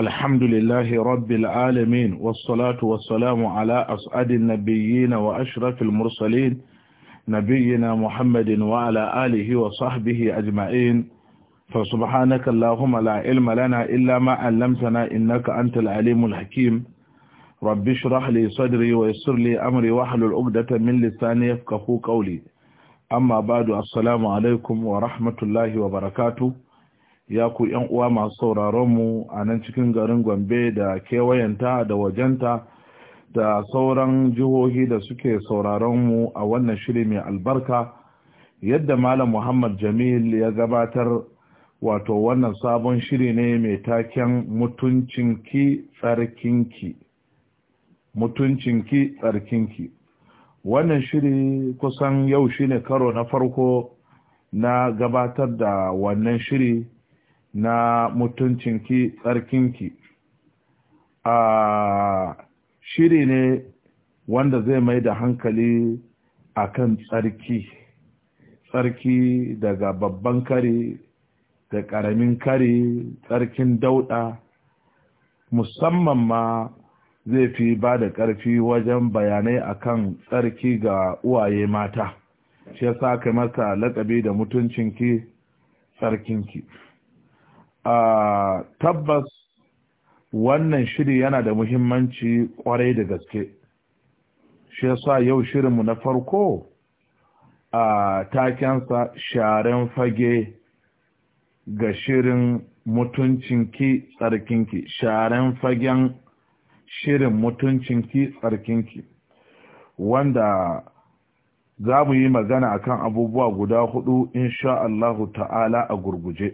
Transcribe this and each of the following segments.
الحمد لله رب العالمين والصلاة والسلام على أسعد النبيين وأشرف المرسلين نبينا محمد وعلى آله وصحبه أجمعين فسبحانك اللهم لا علم لنا إلا ما علمتنا إنك أنت العليم الحكيم رب اشرح لي صدري ويسر لي أمري وحل العقدة من لساني يفقهوا قولي أما بعد السلام عليكم ورحمة الله وبركاته ya ku yan uwa masu sauraron mu a nan cikin garin Gombe da kewayenta da wajenta da sauran jihohi da suke sauraron mu a wannan shiri mai albarka yadda malam Muhammad Jamil ya gabatar wato wannan sabon shiri ne mai taken mutuncinki tsarkinki mutuncinki tsarkinki wannan shiri kusan yau shine karo na farko na gabatar da wannan shiri na mutuncinki tsarkinki a shiri ne wanda zai mai da hankali kan tsarki tsarki daga babban kari da ƙaramin kari tsarkin dauɗa musamman ma zai fi ba da ƙarfi wajen bayanai akan tsarki ga uwaye mata shi yasa ka masa lakabi da mutuncinki tsarkinki a tabbas wannan shiri yana da muhimmanci kwarai da gaske shi yasa yau shirinmu na farko a takensa sharen fage ga shirin mutuncinki tsarkinki sharen fagen shirin mutuncinki tsarkinki wanda za mu yi magana akan abubuwa guda hudu insha Allahu ta'ala a gurguje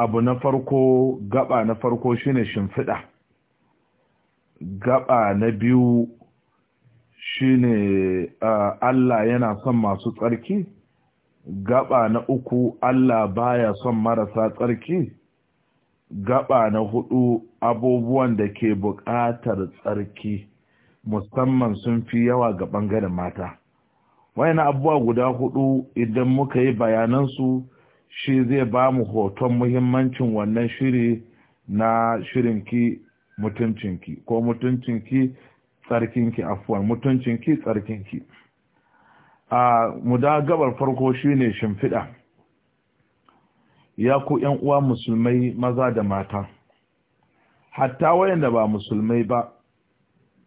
abu na farko gaba na farko shine shimfiɗa gaba na biyu shine ah, Allah yana son masu tsarki gaba na uku Allah baya son marasa tsarki gaba na hudu abubuwan da ke buƙatar tsarki musamman sun fi yawa ga ɓangaren mata wayana abubuwa guda hudu idan muka yi bayanansu shi zai ba mu hoton muhimmancin wannan shiri na shirinki mutuncinki ko mutuncinki tsarkinki afuwan mutuncinki tsarkinki a muda gabar farko shine shimfiɗa ya ku ‘yan uwa musulmai maza da mata hatta wayanda ba musulmai ba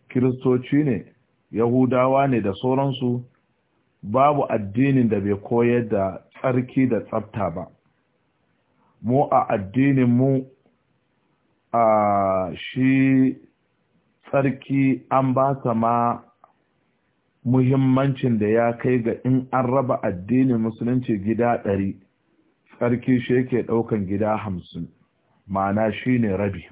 kiristoci ne yahudawa ne da sauransu babu addinin da bai koyar da tsarki da tsabta ba mu a addinin mu a shi tsarki an ba ta ma muhimmancin da ya kai ga in an raba addinin musulunci gida ɗari tsarki shi yake ɗaukan gida hamsin ma'ana shi ne rabi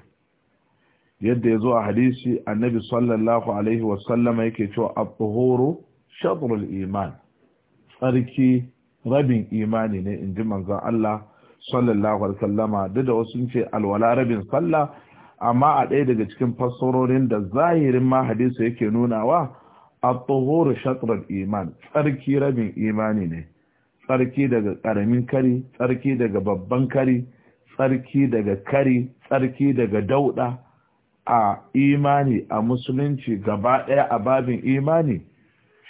yadda ya zo a hadisi annabi sallallahu alaihi wasallama yake cewa abuhoro shadrul iman tsarki rabin imani ne in ji manzon Allah sallallahu alaihi sallama duk da wasu ce alwala rabin sallah amma a ɗaya daga cikin fassarorin da zahirin ma hadisi yake nunawa at-tuhur shatrul iman tsarki rabin imani ne tsarki daga karamin kari tsarki daga babban kari tsarki daga kari tsarki daga dauda a imani a musulunci gaba ɗaya a babin imani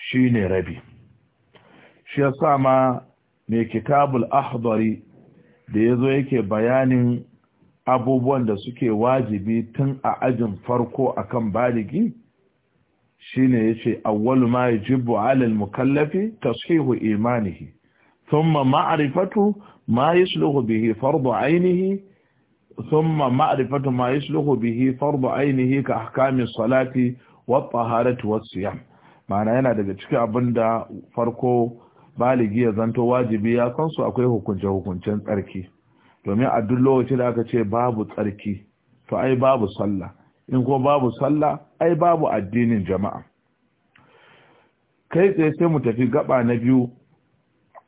shine rabi shi ya sa ma mai kitabul ahdari da ya zo yake bayanin abubuwan da suke wajibi tun a ajin farko akan baligi shine yace awwalu ma yajibu jibbo al-mukallafi tashihu imanihi thumma ma'rifatu ma suluhu bihi fardu 'ainihi thumma ma'rifatu ma suluhu bihi fardu 'ainihi ka hakamin salati wa taharati wasu yam ma'ana yana daga cikin abin da farko baligi ya zanto wajibi ya san su akwai hukunce hukuncen tsarki domin a duk lokacin da aka ce babu tsarki to ai babu sallah in ko babu sallah ai babu addinin jama'a kai tsaye sai mu tafi gaba na biyu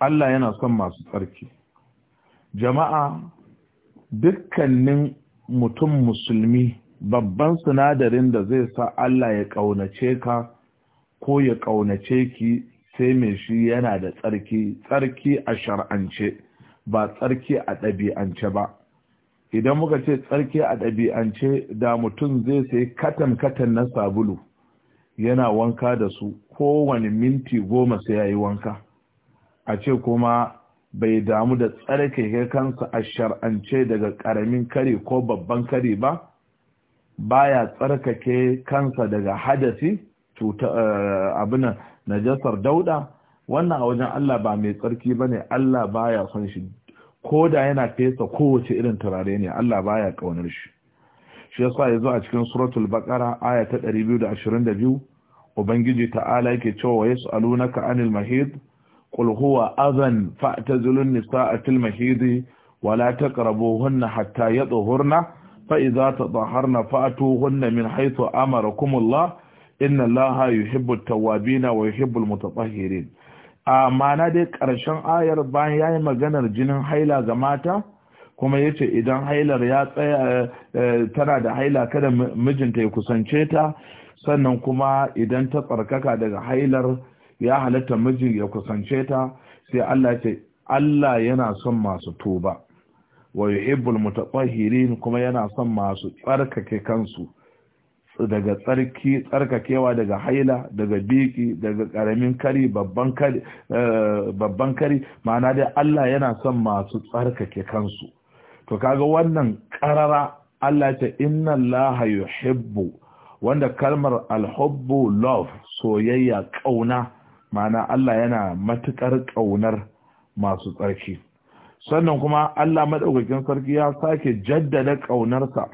Allah yana son masu tsarki jama'a dukkanin mutum musulmi babban sinadarin da zai sa Allah ya ƙaunace ka ko ya ƙaunace ki sai mai shi yana da tsarki tsarki a shar'ance ba tsarki a ɗabi'ance ba idan muka ce tsarki a ɗabi'ance da mutum zai sai katan-katan na sabulu yana wanka da su kowane minti goma sai ya yi wanka a ce kuma bai damu da tsarkake kansa a shar'ance daga ƙaramin kare ko babban kare ba baya tsarkake kansa daga hadasi eh, abinan najasar dauda wannan a wajen Allah ba mai tsarki ba ne Allah baya son shi ko da yana fesa kowace irin turare ne Allah baya kaunar shi shi ya yazo a cikin suratul baƙara aya ta 222 ubangiji ta'ala yake cewa wa alunaka anil mahid qul huwa adhan fa'tazilun nisaa fil mahid wa la taqrabuhunna hatta yadhhurna fa idza tadahharna fa'tuhunna min haythu amarakumullah inna allaha yuhibbu tawwabina wa yuhibbu almutatahhirin a mana dai karshen ayar bayan yayi maganar jinin haila ga mata kuma yace idan hailar ya tsaya tana da haila kada mijinta ya kusance ta sannan kuma idan ta tsarkaka daga hailar ya halatta miji ya kusance ta sai Allah ce Allah yana son masu tuba wa yuhibbul mutatahhirin kuma yana son masu tsarkake kansu daga tsarki tsarkakewa daga haila daga biki daga karamin kari eh, babban kari ma'ana dai Allah yana son masu tsarkake kansu to kaga wannan karara Allah ta inna Allah yuhibbu wanda kalmar alhubbu love soyayya kauna ma'ana Allah yana matukar kaunar masu tsarki sannan kuma Allah madaukakin sarki ya sake jaddada kaunarsa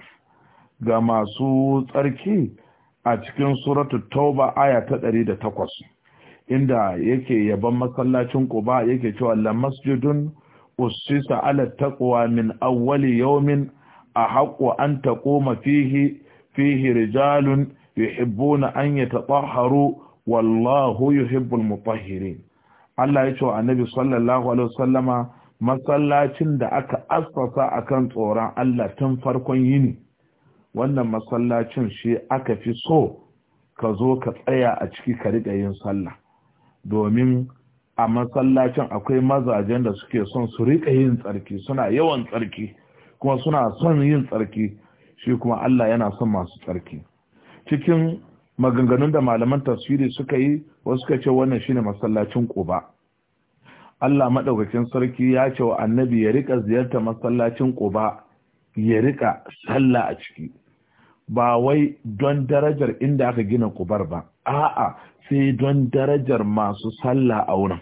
ga masu tsarki a cikin suratu tauba aya ta ɗari da takwas, inda yake yaban masallacin quba yake cewa la masjidun usisa ala taqwa min awwali yawmin ahaqqu an taquma fihi fihi rijalun yuhibbuna an yatatahharu wallahu yuhibbul mutahhirin Allah ya ce wa annabi sallallahu alaihi wasallama masallacin da aka asfasa akan tsoron Allah tun farkon yini wannan masallacin shi aka fi so ka zo ka tsaya a ciki ka riƙa yin sallah domin a masallacin akwai mazajen da suke son su riƙa yin tsarki suna yawan tsarki kuma suna son yin tsarki shi kuma Allah yana son masu tsarki cikin maganganun da malaman tasiri suka yi wasu suka ce wannan shine masallacin Quba Allah madaukakin sarki ya ce wa annabi ya riƙa ziyarta masallacin Quba ya riƙa sallah a ciki ba wai don darajar inda aka gina kubar ba a'a sai don darajar masu sallah a wurin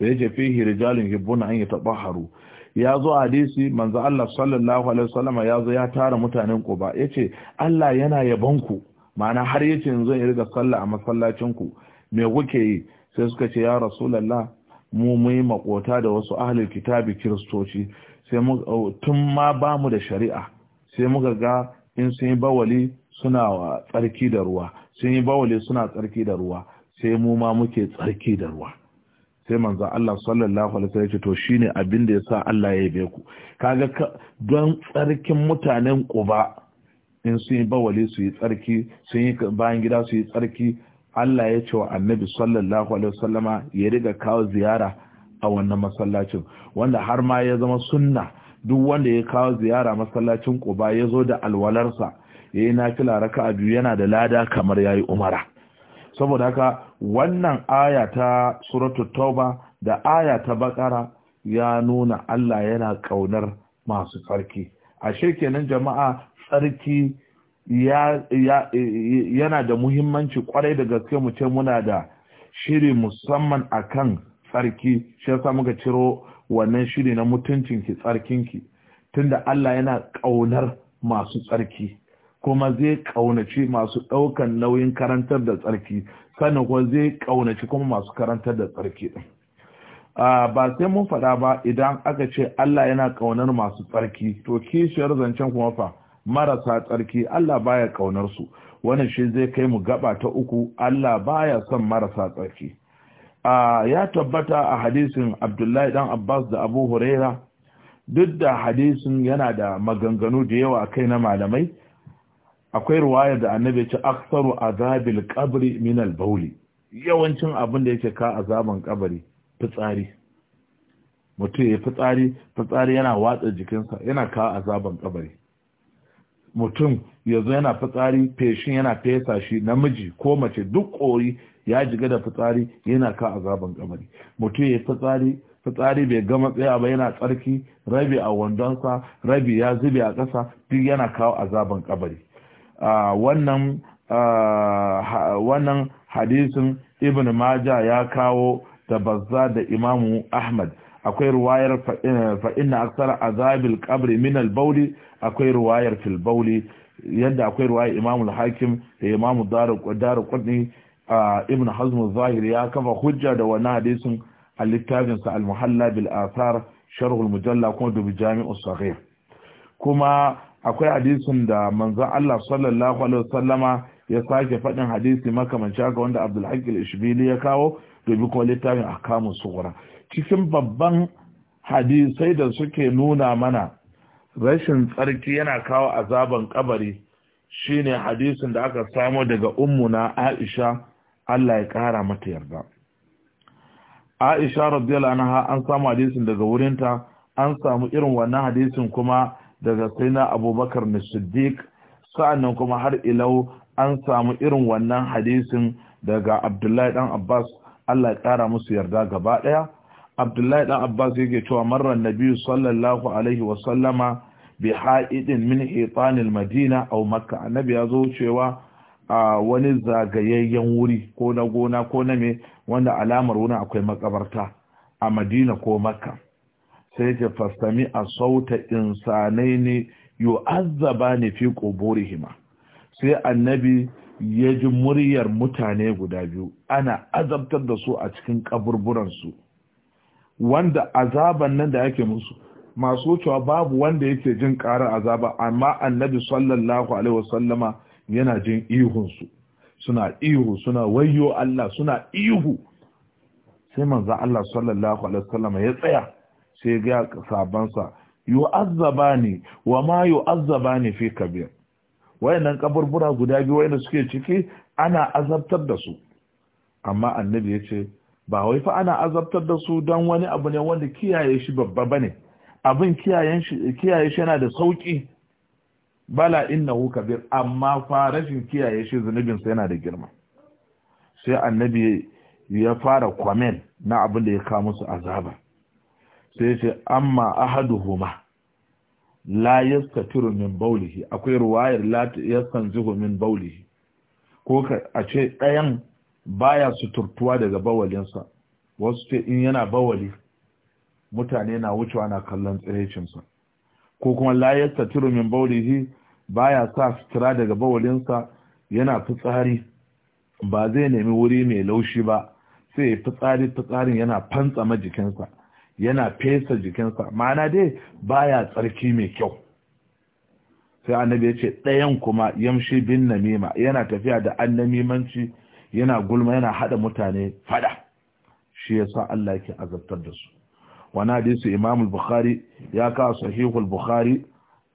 da yake fi hirjalin hibbuna an haru ya zo hadisi manzo Allah sallallahu alaihi wasallam ya zo ya tara mutanen Ya yace Allah yana yabon ku ma'ana har yace yanzu in riga sallah a masallacin ku me kuke yi sai suka ce ya rasu rasulullah mu muyi makota da wasu ahlul kitabi kiristoci. sai mu tun ma bamu da shari'a sai muka ga in sun yi bawali suna tsarki da ruwa sun yi bawali suna tsarki da ruwa sai mu ma muke tsarki da ruwa sai manzo Allah sallallahu alaihi wasallam ya ce to shine abin da yasa Allah ya yabe ku kaga don tsarkin mutanen Quba in sun yi bawali su yi tsarki sun yi bayan gida su yi tsarki Allah ya ce wa Annabi sallallahu alaihi wasallama ya riga kawo ziyara a wannan masallacin wanda har ma ya zama sunna duk wanda ya kawo ziyara masallacin Quba ya zo da alwalarsa yayi nafila raka'a biyu yana da lada kamar yayi umara saboda haka wannan aya ta suratul tauba da aya ta bakara ya nuna Allah yana kaunar masu tsarki ashe kenan jama'a tsarki yana da muhimmanci kwarai da gaske mu ce muna da shiri musamman akan tsarki shi yasa muka ciro wannan shi ne na mutuncinki tsarkinki tunda Allah yana ƙaunar masu tsarki kuma zai ƙaunaci masu ɗaukan nauyin karantar da tsarki sannan kuma zai ƙaunaci kuma masu karantar da tsarki ɗin ba sai mun faɗa ba idan aka ce Allah yana ƙaunar masu tsarki to kishiyar zancen kuma fa marasa tsarki Allah baya ƙaunar su wannan shi zai kai mu gaba ta uku Allah baya son marasa tsarki ya tabbata a hadisin abdullahi dan abbas da abu huraira duk da hadisin yana da maganganu da yawa kai na malamai akwai ruwayar da annabi ce aksaru azabil qabri min al yawancin abin da yake ka azaban kabari fitsari mutum ya fitsari fitsari yana watsa jikinsa yana ka azaban kabari mutum yanzu yana fitsari feshin yana fesa shi namiji ko mace duk kori ya jiga da fitsari yana ka azaban kamari mutum ya fitsari fitsari bai gama tsaya ba yana tsarki rabi a wandonsa rabi ya zube a ƙasa duk yana kawo azaban kabari wannan wannan hadisin ibn maja ya kawo da bazza da imamu ahmad akwai ruwayar fa'ina eh, aksar azabil kabri min albauli akwai ruwayar filbauli yadda akwai ruwayar imamu hakim da imamu daru kudni ibn hazm zahiri ya kafa hujja da wannan hadisin a littafinsa al-muhalla bil athar sharh al-mujalla kuma dubi jami'u saghir kuma akwai hadisin da manzon Allah sallallahu alaihi wasallama ya sake faɗin hadisi makamanci haka wanda Abdul Haqqil Ishbili ya kawo dubi kuma littafin ahkamus sughra cikin babban hadisai da suke nuna mana rashin tsarki yana kawo azaban kabari shine hadisin da aka samo daga ummuna Aisha Allah ya ƙara mata yarda Aisha radiyallahu anha an samu hadisin daga wurinta an samu irin wannan hadisin kuma daga sayyidina Abubakar na Siddiq sa'annan kuma har ilau an samu irin wannan hadisin daga Abdullahi dan Abbas Allah ya ƙara musu yarda gaba ɗaya Abdullahi dan Abbas yake cewa marran Nabi sallallahu alaihi wa sallama bi ha'idin min hitanil Madina aw Makka annabi ya zo cewa a wani zagayayyen wuri ko na gona ko na me wanda alamar wurin akwai makabarta a madina ko makka sai ce fastami a sauta insanai ne yu'azzaba ne fi hima' sai annabi ya ji muryar mutane guda biyu ana azabtar da su a cikin kaburburansu wanda azaban nan da yake musu masu cewa babu wanda yake jin ƙarar azaba amma annabi sallallahu alaihi wasallama yana jin ihunsu suna ihu suna wayo Allah suna ihu sai manzo Allah sallallahu alaihi wasallam ya tsaya sai ga sabansa yu'azzabani wa ma yu'azzabani fi kabir wayannan kaburbura guda biyu wayanda suke ciki ana azabtar da su amma annabi yace ba wai fa ana azabtar da su don wani abu ne wanda kiyaye shi babba bane abin kiyayen shi kiyaye shi yana da sauki bala innahu kabir amma fa rashin kiyaye shi zunubin sa yana da girma sai annabi ya fara kwamen na abin da ya kawo musu azaba sai ce amma ahaduhuma la yastatiru min bawlihi akwai ruwayar la yastanzihu min bawlihi ko a ce ɗayan baya suturtuwa daga bawalinsa wasu ce in yana bawali mutane na wucewa na kallon tsirecinsa ko kuma la yastatiru min bawlihi baya sa fitira daga bawalinsa yana fitsari ba zai nemi wuri mai laushi ba sai ya fitsari fitsarin yana fantsama jikinsa yana fesa jikinsa ma'ana dai baya tsarki mai kyau sai annabi ya ce ɗayan kuma yamshi bin namima yana tafiya da annamimanci yana gulma yana haɗa mutane fada shi ya sa Allah ke azabtar da su wani hadisi imamul bukhari ya kawo sahihul bukhari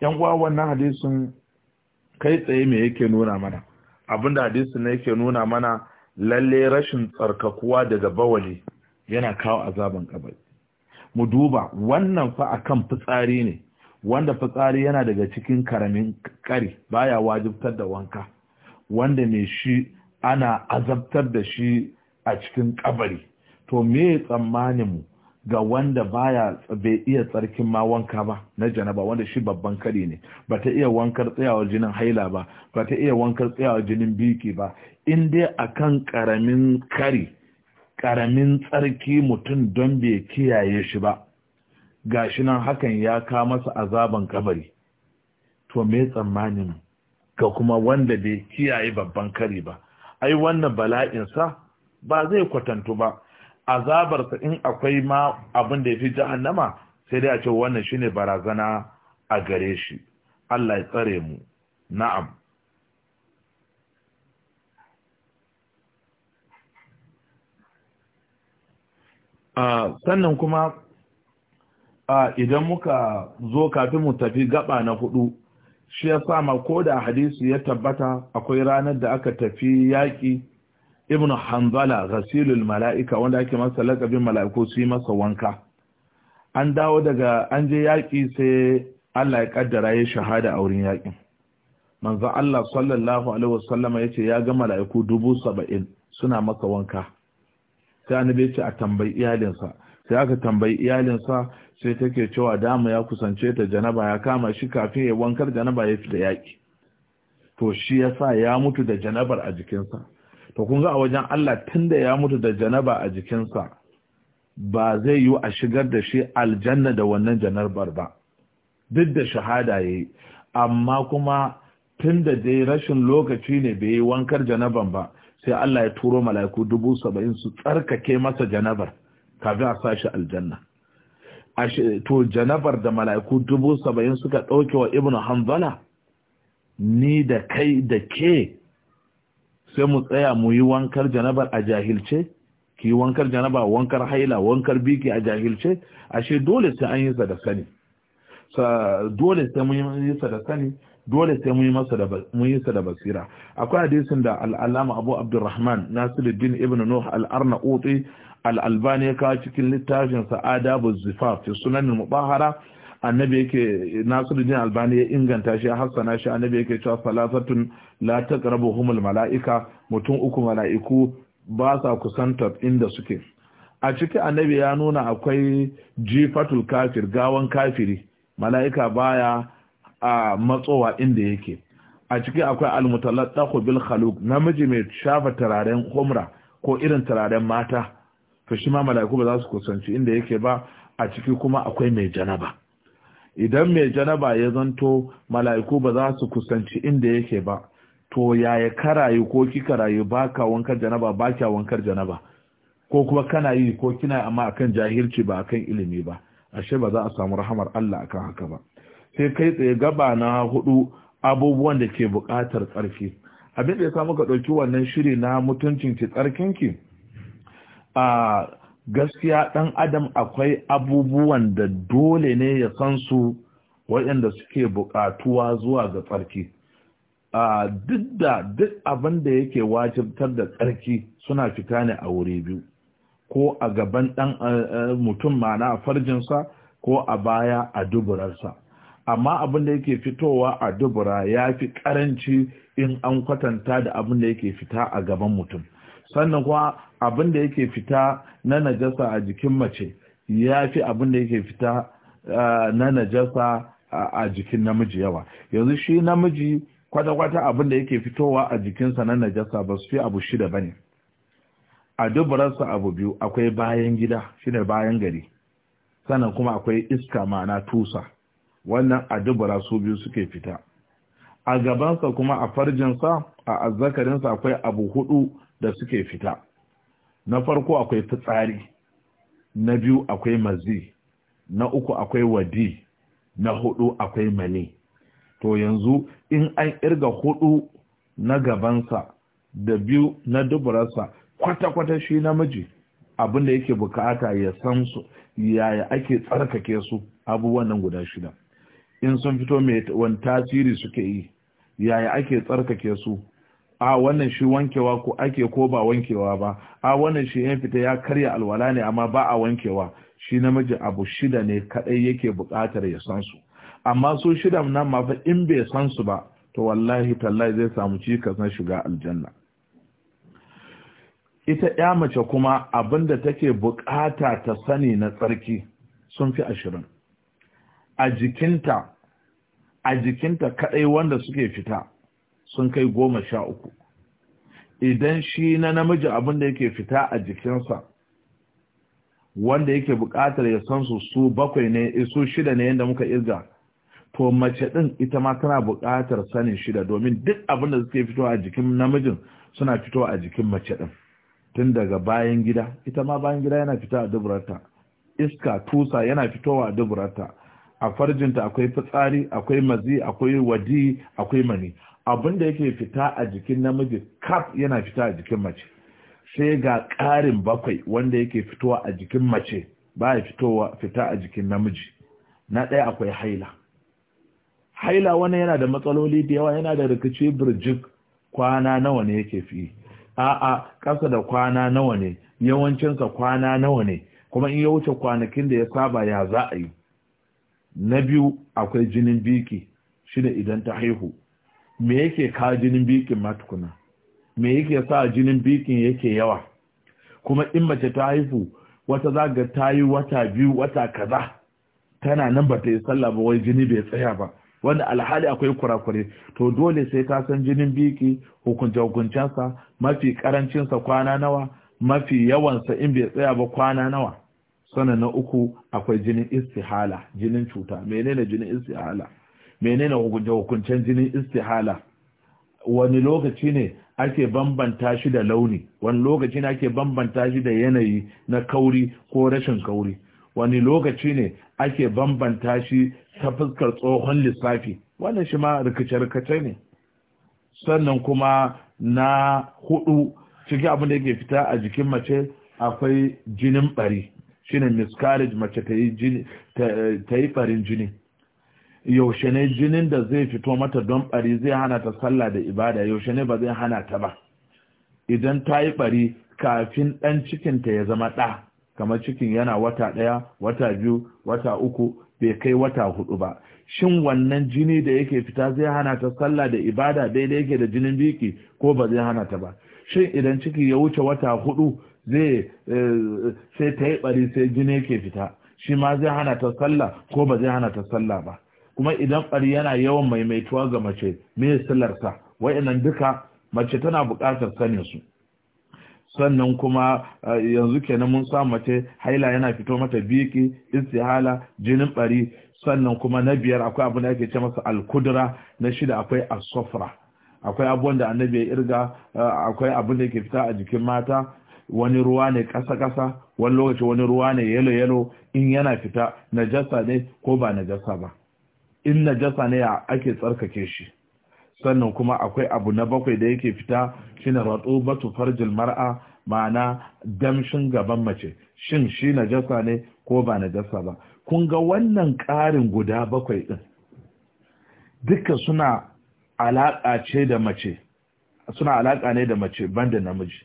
yan uwa wannan hadisin kai tsaye me yake nuna mana abinda hadisin ne yake nuna mana lalle rashin tsarkakuwa daga bawali yana kawo azaban kabari mu duba wannan fa akan fitsari ne wanda fitsari yana daga cikin karamin kari baya wajibtar da wanka wanda mai shi ana azabtar da shi a cikin kabari to me tsammanin mu ga wanda baya bai iya tsarkin ma wanka ba na janaba wanda shi babban kari ne ba ta iya wankar tsayawa jinin haila ba ba ta iya wankar tsayawa jinin biki ba in dai akan karamin kari karamin tsarki mutum don bai kiyaye shi ba gashi nan hakan ya ka masa azaban kabari to me tsammanin ga kuma wanda bai kiyaye babban kari ba ai wannan bala'insa ba zai kwatantu ba azabarsa in akwai ma abin da ya fi jahannama sai dai a ce wannan shine barazana a gare shi Allah ya tsare mu na'am sannan kuma idan muka zo kafin mu tafi gaba na hudu shi ya sama ko da hadisi ya tabbata akwai ranar da aka tafi yaƙi ibn hanzala rasilul mala'ika wanda ake masa lakabin mala'iku su yi masa wanka an dawo daga an je yaƙi sai Allah ya kaddara ya shahada a wurin yaƙin manzo Allah sallallahu alaihi wasallama yace ya ga mala'iku dubu saba'in suna masa wanka sai annabi yace a tambayi iyalinsa sai aka tambayi iyalinsa sai take cewa dama ya kusance ta janaba ya kama shi kafin ya wankar janaba ya fita yaƙi to shi yasa ya mutu da janabar a jikinsa to kun ga a wajen Allah tunda ya mutu da janaba a jikinsa ba zai yi a shigar da shi aljanna da wannan janarbar ba duk da shahada yayi amma kuma tunda dai rashin lokaci ne bai yi wankar janaban ba sai Allah ya turo mala'iku dubu saba'in su tsarkake masa janabar kafin a sa shi aljanna to janabar da mala'iku dubu saba'in suka ɗauke wa ibnu hanzala ni da kai da ke sai mu tsaya mu yi wankar janabar a jahilce ki wankar janaba wankar haila wankar biki a jahilce ashe dole sai an yi sa da sani dole sai mun yi sa da sani dole sai mun yi masa da mun yi sa da basira akwai hadisin da al-Allama Abu Abdurrahman Nasiruddin Ibn Nuh al-Arnaquti al-Albani ya kawo cikin littafin sa Adabu Zifaf fi Sunan al annabi yake nasiruddin albani ya inganta shi ya hassana shi annabi yake cewa salafatun la taqrabuhumul malaika mutum uku malaiku ba sa kusantar inda suke a ciki annabi ya nuna akwai jifatul kafir gawan kafiri mala'ika baya a matsowa inda yake a ciki akwai almutallaqu bil khaluq namiji mai shafa tararen humra ko irin tararen mata to shi ma mala'iku ba za su kusanci inda yake ba a ciki kuma akwai mai janaba idan mai janaba ya zanto mala'iku ba za su kusanci inda yake ba to yaya karayi ko kika rayu ka wankar janaba baka wankar janaba ko kuma kana yi ko kina amma akan jahilci ba akan ilimi ba ashe ba za a samu rahamar Allah akan haka ba sai kai tsaye gaba na hudu abubuwan da ke buƙatar tsarki abin da ya samu ka ɗauki wannan shiri na mutuncin ki tsarkinki a gaskiya ɗan adam akwai abubuwan da dole ne ya san su waɗanda suke buƙatuwa zuwa ga tsarki duk da duk abin da yake wajibtar da tsarki suna fita ne a wuri biyu ko a gaban ɗan mutum mana a farjinsa ko a baya a duburarsa amma abin da yake fitowa a dubura ya fi ƙaranci in an kwatanta da abin da yake fita a gaban mutum sannan kuma abin da yake fita na najasa a jikin mace ya fi abin da yake fita eh, na najasa a jikin namiji yawa yanzu shi namiji kwata-kwata abin da yake fitowa a jikinsa na najasa ba su fi abu shida ba ne a dubararsa abu biyu akwai bayan gida shi ne bayan gari sannan kuma akwai iska ma'ana tusa wannan a dubara su biyu suke fita a gabansa kuma a farjinsa a azzakarinsa akwai abu hudu da suke fita na farko akwai fitsari na biyu akwai mazi na uku akwai wadi na hudu akwai mani to yanzu in an irga hudu na gabansa da biyu na duburarsa kwata-kwata shi namiji abinda yake bukata ya san su yaya ake tsarkake su abubuwan nan guda shida in sun fito mai wani tasiri suke yi yaya ake tsarkake su a wannan shi wankewa ko ake ko ba wankewa ba a wannan shi yan fita ya karya alwala ne amma ba a wankewa shi namiji abu shida ne kadai yake buƙatar ya san su amma su shida nan ma fa in bai san su ba to wallahi tallahi zai samu cikas na shiga aljanna ita ya mace kuma abinda take buƙata ta sani na tsarki sun fi ashirin a jikinta a jikinta kadai wanda suke fita sun kai goma sha uku idan shi na namiji abin da yake fita a jikinsa wanda yake buƙatar ya san su su bakwai ne eh, su shida ne yadda muka irga to mace ɗin ita ma tana buƙatar sanin shida domin duk abin suke fitowa a jikin namijin suna fitowa a jikin mace ɗin tun daga bayan gida ita ma bayan gida yana fita a duburarta iska tusa yana fitowa a duburarta a farjinta akwai fitsari akwai mazi akwai wadi akwai mani abin da yake fita a jikin namiji kaf yana fita a jikin mace sai ga ƙarin bakwai wanda yake fitowa a jikin mace ba ya fitowa fita a jikin namiji na ɗaya akwai haila haila wani yana da matsaloli da yawa yana da rikici birjik kwana nawa ne yake fi a'a ƙasa da kwana nawa ne yawancinsa kwana nawa ne kuma in ya wuce kwanakin da ya saba ya za a yi na biyu akwai jinin biki ne idan ta haihu me yake ka jinin bikin matukuna? me yake sa jinin bikin yake yawa kuma in mace ta haifu wata zaga ta yi wata biyu wata kaza tana nan ba ta yi sallah ba wai jini bai tsaya ba wanda alhali akwai kurakure to dole sai ka san jinin biki hukunce hukuncensa mafi karancinsa kwana nawa mafi yawansa in bai tsaya ba kwana nawa sannan na uku akwai jinin istihala jinin cuta menene jinin istihala menene hukuncen jinin istihala wani lokaci ne ake bambanta shi da launi wani lokaci ne ake bambanta shi da yanayi na kauri ko rashin kauri wani lokaci ne ake bambanta shi ta fuskar tsohon lissafi wannan shi ma rikice-rikice ne sannan kuma na hudu cikin abin da yake fita a jikin mace akwai jinin bari shine miscarriage mace ta yi farin jini yaushe ne jinin da zai fito mata don bari zai hana ta sallah da ibada yaushe ne ba zai hana ta ba idan ta yi bari kafin ɗan cikinta ya zama ɗa kamar cikin yana wata ɗaya wata biyu wata uku bai kai wata hudu ba shin wannan jini da yake fita zai hana ta sallah da ibada daidai yake da jinin biki ko ba zai hana ta ba shin idan ciki ya wuce wata hudu zai eh, sai ta yi bari sai jini yake fita shi ma zai hana ta sallah ko ba zai hana ta sallah ba kuma idan bari yana yawan maimaituwa ga mace me silarsa wa'annan duka mace tana buƙatar sanin su sannan kuma yanzu kenan mun sa mace haila yana fito mata biki istihala jinin ɓari, sannan kuma na biyar akwai abin da ake ce masa alkudura na shida akwai asofra akwai abubuwan da annabi ya irga akwai abin da ke fita a jikin mata wani ruwa ne ƙasa-ƙasa, wani lokaci wani ruwa ne yalo-yalo in yana fita najasa ne ko ba najasa ba in najasa ne ake tsarkake shi sannan kuma akwai abu na bakwai da yake fita shine batu farjil mar'a ma'ana damshin gaban mace shin shi na jasa ne ko ba na jasa ba kun ga wannan ƙarin guda bakwai din duka suna alaƙa ce da mace suna alaƙa ne da mace banda namiji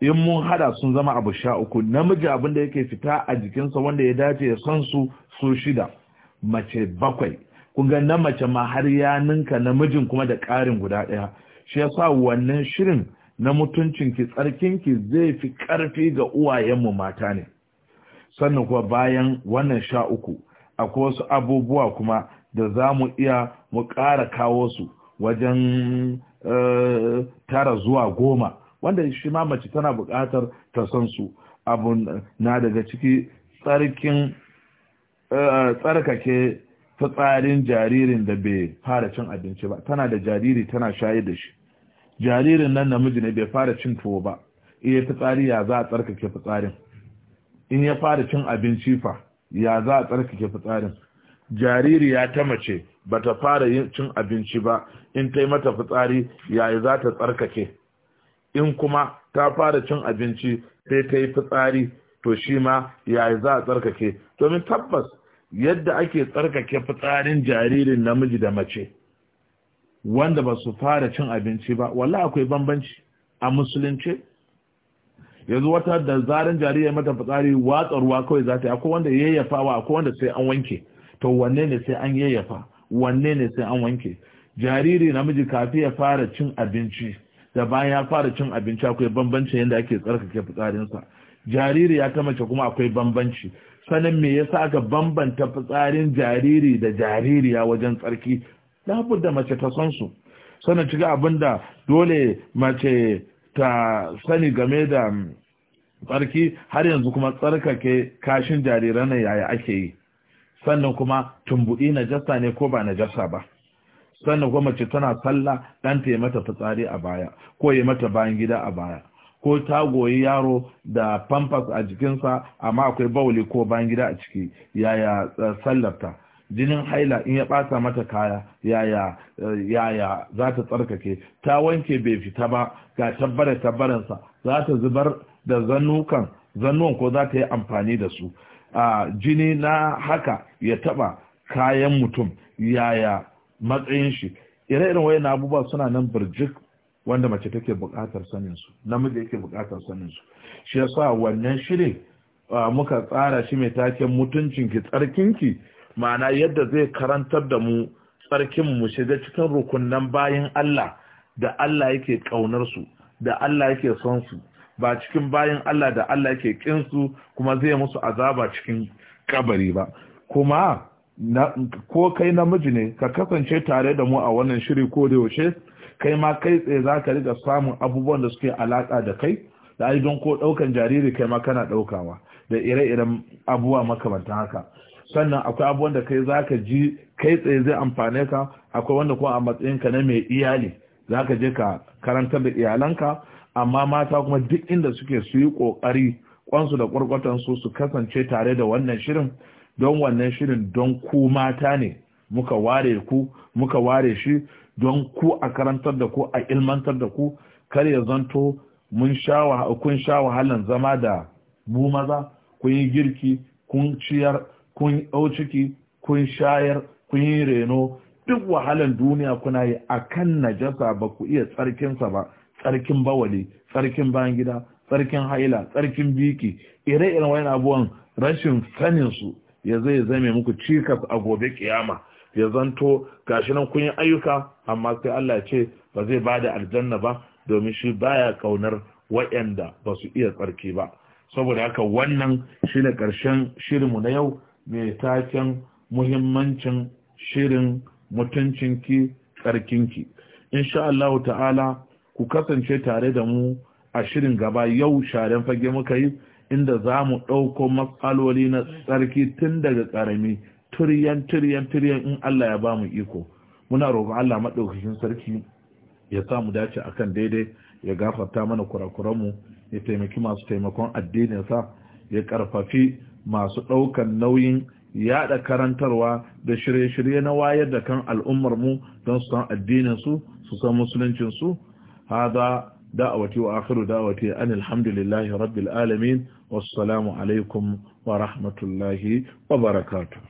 in mun hada sun zama abu sha uku namiji abin da yake fita a jikinsa wanda ya dace ya san su su shida mace bakwai kun ga na mace ma har ya ninka namijin kuma da ƙarin guda ɗaya shi yasa wannan shirin na mutuncinki tsarkinki zai fi ƙarfi ga uwayenmu mata ne sannan kuma bayan wannan sha uku akwai wasu abubuwa kuma da za mu iya mu ƙara kawo su wajen eh, tara zuwa goma wanda shi ma mace tana buƙatar ta san su abu na daga ciki tsarkin Eh, tsarkake fitsarin jaririn da bai fara cin abinci ba tana da jariri tana shayar da shi jaririn nan namiji ne bai fara cin tuwo ba iya fitsari ya za a tsarkake fitsarin in ya fara cin abinci fa ya za a tsarkake fitsarin jariri ya ta mace ba ta fara cin abinci ba in ta mata fitsari ya za ta tsarkake in kuma ta fara cin abinci sai ta yi fitsari to shi ma ya za a tsarkake domin tabbas yadda ake tsarkake fitsarin jaririn namiji da mace wanda ba su fara cin abinci ba walla akwai bambanci a musulunci yanzu wata da zarin jariri mata fitsari watsa ruwa kawai za ta yi akwai wanda yayyafawa akwai wanda sai an wanke to wanne ne sai an yayyafa wanne ne sai an wanke jariri namiji kafi ya fara cin abinci da bayan ya fara cin abinci akwai bambanci yadda ake tsarkake fitsarinsa jariri ya ta mace kuma akwai bambanci sanin me yasa aka bambanta fitsarin jariri da jaririya wajen tsarki da mace ta san su sanin ciga abinda dole mace ta sani game da tsarki har yanzu kuma tsarkake kashin jariran na yaya ake yi sannan kuma tumbuɗi jasa ne ko ba jasa ba sannan kuma mace tana sallah ɗanta ya mata fitsari a baya ko ya mata bayan gida a baya ko ta goyi yaro da pampas a jikinsa amma akwai bauli ko bayan gida a ciki yaya eh, sallarta jinin haila in ya ɓata mata kaya yaya eh, yaya za ta tsarkake ta wanke bai fita ba ga tabbare tabbarensa za ta zubar da zannukan zannuwan ko za ta yi amfani da su a jini na haka ya taɓa kayan mutum yaya matsayin shi ire-iren wayan abubuwa suna nan birjik wanda mace take buƙatar sanin su namiji yake buƙatar sanin su shi yasa wannan shirin muka tsara shi mai taken mutuncin ki tsarkinki ma'ana yadda zai karantar da mu tsarkin mu shiga cikin rukunnan bayan Allah da Allah yake kaunar su da Allah yake son su ba cikin bayan Allah da Allah yake kin su kuma zai musu azaba cikin kabari ba kuma ko kai namiji ne ka kasance tare da mu a wannan shiri ko da yaushe kai ma kai tsaye za ka riga samun abubuwan da suke alaƙa da kai da ai don ko ɗaukan jariri kai ma kana ɗaukawa da ire-iren abubuwa makamantan haka sannan akwai abubuwan da kai za ka ji kai tsaye zai amfane ka akwai wanda kuma a matsayin ka na mai iyali za ka je ka karantar da iyalanka amma mata kuma duk inda suke su yi ƙoƙari kwansu da ƙwarƙwatansu su kasance tare da wannan shirin don wannan shirin don ku mata ne muka ware ku muka ware shi don ku a karantar da ku a ilmantar da ku kar ya zanto mun sha kun sha wahalan zama da mu maza kun yi girki kun ciyar kun ciki kun shayar kun yi reno duk wahalan duniya kuna yi akan najasa ba ku iya tsarkinsa ba tsarkin bawali tsarkin bayan gida tsarkin haila tsarkin biki ire-iren wani abubuwan rashin saninsu ya zai zame muku cikas a gobe kiyama ya zanto gashi nan kun yi ayyuka amma sai Allah ce ba zai ba da aljanna ba domin shi baya kaunar waɗanda ba su iya tsarki ba saboda haka wannan shine ƙarshen shirinmu na yau mai taken muhimmancin shirin mutuncinki tsarkinki insha Allah ta'ala ku kasance tare da mu a shirin gaba yau sharen fage muka yi inda za mu ɗauko matsaloli na tsarki tun daga ƙarami turiyan turiyan turiyan in Allah ya ba mu iko muna roƙon Allah maɗaukakin sarki ya sa mu dace akan daidai ya gafarta mana kurakuranmu ya taimaki masu taimakon addininsa ya ƙarfafi masu ɗaukan nauyin yaɗa karantarwa da shirye-shirye na wayar da kan al'ummarmu don su san addinin su san musuluncinsu haza da'awati wa akhiru da'awati an alhamdulillahi rabbil alamin wassalamu alaikum wa rahmatullahi wa barakatuh